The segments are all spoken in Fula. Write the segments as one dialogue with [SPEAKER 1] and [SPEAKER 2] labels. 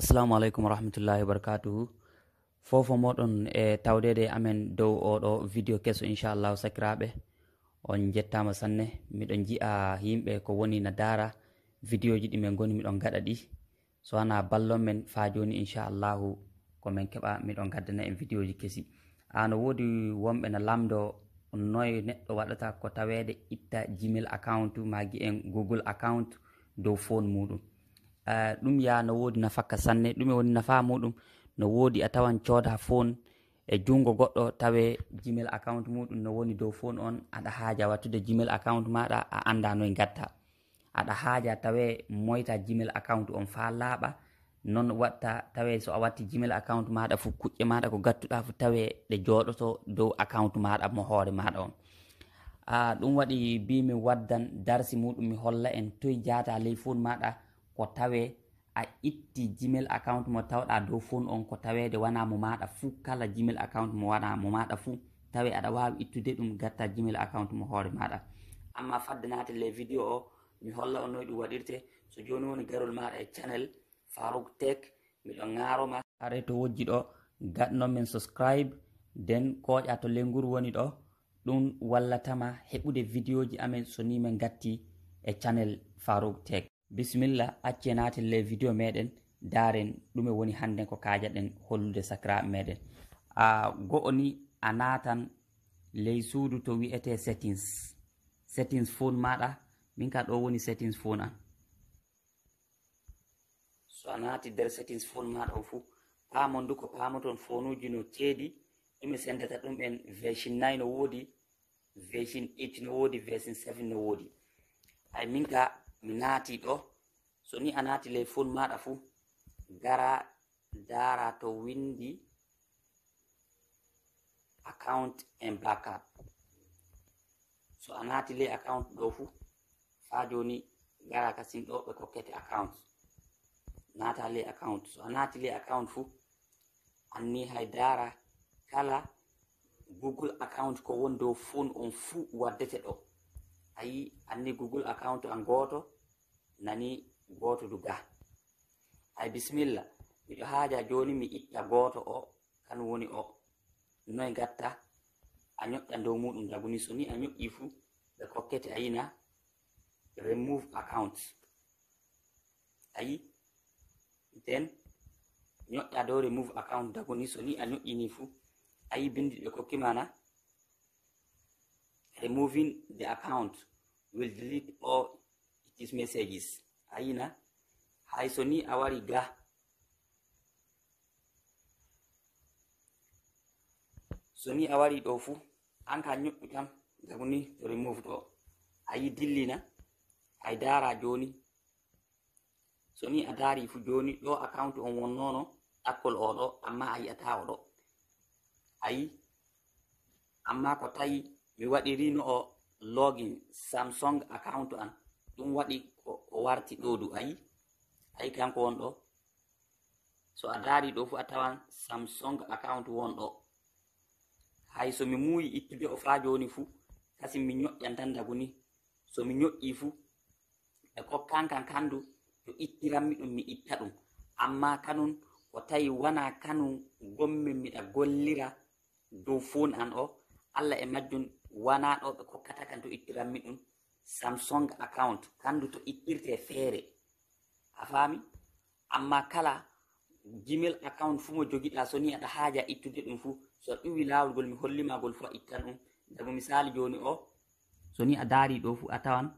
[SPEAKER 1] assalamu aleykum wa rahmatullahi wa barakatuhu fofo moɗon e tawdede amen dow oɗo vidéo kesso inchallahu sakiraɓe on jettama sanne miɗon ji'a yimɓe ko woni na dara vidéo ji ɗi min goni miɗon gaɗa ɗi so ana ballon men fa joni inchallahu komin keɓa miɗon gaddana en vidéo ji kesi ano woodi wonɓe na lamdo noy neɗɗo waɗata ko tawede itta jimil account magi en google account dow fone muɗum Eh, ɗum yaha no woodi nafakka sanne ɗum e woni nafa muɗum no woodi a tawan cooda fon e junngo goɗɗo tawe jimel account muɗum no woni dow fon on aɗa haaja wattude jimel account maɗa a annda noye gatta aɗa haaja tawe moyta jimel account on fa laaɓa noon watta tawe so a watti jimel account maɗa fo kuƴƴe maɗa ko gattuɗa fo tawe ɗe jooɗoto dow account maɗa mo hoore maɗa on ah, ɗum waɗi bimi waddan darsi muɗum mi holla en toye jaata ley fon maɗa ko tawe a itti gmail account mo tawɗa dow phone on ko tawede wana mo maɗa fuu kala gmail account mo wana mo maɗa fuu tawe aɗa wawi ittude ɗum gatta gmail account mo hoore maɗa amma faddanate le vidéo o mi holla o noy ɗum waɗirte so joni woni garol maɗa e channel farouk tek miɗo garoma are to wojji ɗo gaɗno men subscribe nden koƴa to lenguru woni ɗo ɗum wallatama heɓude vidéo ji amen so ni min gatti e channel farouk tek bisimilla acce natel le video meɗen daren ɗume woni hande ko kajaɗen hollude sacrae meɗen go'o ni a natan ley suudu to wi'ete settings settings phone maɗa min ka ɗo woni settings phone an so a nati nder settings phone maɗa o fu pamo du ko pamoton phone uji no ceedi ɗume sendata ɗumen version nine no woodi version eight no woodi version seven no woodi ay min ka naati ɗo so ni a naati ley fon maɗa fuu gara dara to windi account en backup so a naati ley account ɗo fuu faa joni gara kasin ɗo ɓe kokkete account naata ley account so a naati ley account fuu anni hay dara kala google account ko won dow fon on fuu waddete ɗo ayi anni google account an gooto nani gooto du ga ay bisimilla miɗo haaja joni mi itta gooto o kan woni o noy gatta a ñoƴƴa dow muɗum jaguni so ni a ñoƴƴi fuu ɓe kokkete ayina remove account ayi nden ñoƴƴa dow remove account jaguni so ni a ñoƴƴini fuu ayi bindi ɓe kokkimana removing the account will delete all its messages ayina hayso ni a wari ga so ni a wari ɗo fuu an ka ñoɗɗu tam jaguni to remove ɗo ayi dillina ay dara joni so ni a dari fu joni ɗo account on wonnono ɗakkol oɗo amma a yi'ata oɗo ayi amma ko tawi mi waɗi rino o login samsong account an ɗum waɗi o warti ɗoodu ayi ayi kanko wonɗo so a daari ɗo fu a tawan samsong account wonɗo hay so mi muuyi ittude o faa jooni fuu kasi mi ñoƴƴan tan dagu ni so mi ñoƴƴii fuu e kokkankan kanndu yo ittiranmi ɗum mi itta ɗum amma kanum ko tawi wana kanum gommin miɗa gollira dow fon an o allah e majjum wana ɗo ɓe kokkata kan to ittiranmi ɗum samsong account kandu to ittirte feere a faami amma kala gimel account fuu mo jogiɗa so ni aɗa haaja ittude ɗum fuu so a ɗuwi laawolgol mi hollimagol fuu a ittan ɗum jamo misali jooni o so ni a daari ɗo fuu a tawan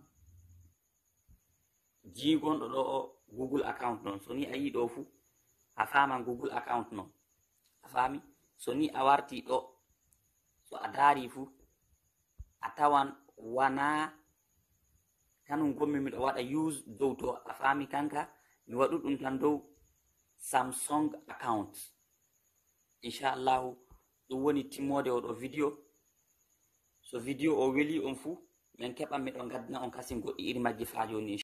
[SPEAKER 1] jiigonɗo ɗo o google account noon so ni a yi ɗo fuu a faaman google account noon a faami so ni a warti ɗo so a daari fuu a tawan wana tan gommi miɗo waɗa use dow to a fami kanka mi waɗu ɗum tan dow samsong account inchallahu ɗum woni timmode oɗo video so video o weeli on fuu min keɓan miɗo gaddina on kasi goɗɗi iri majji fa joni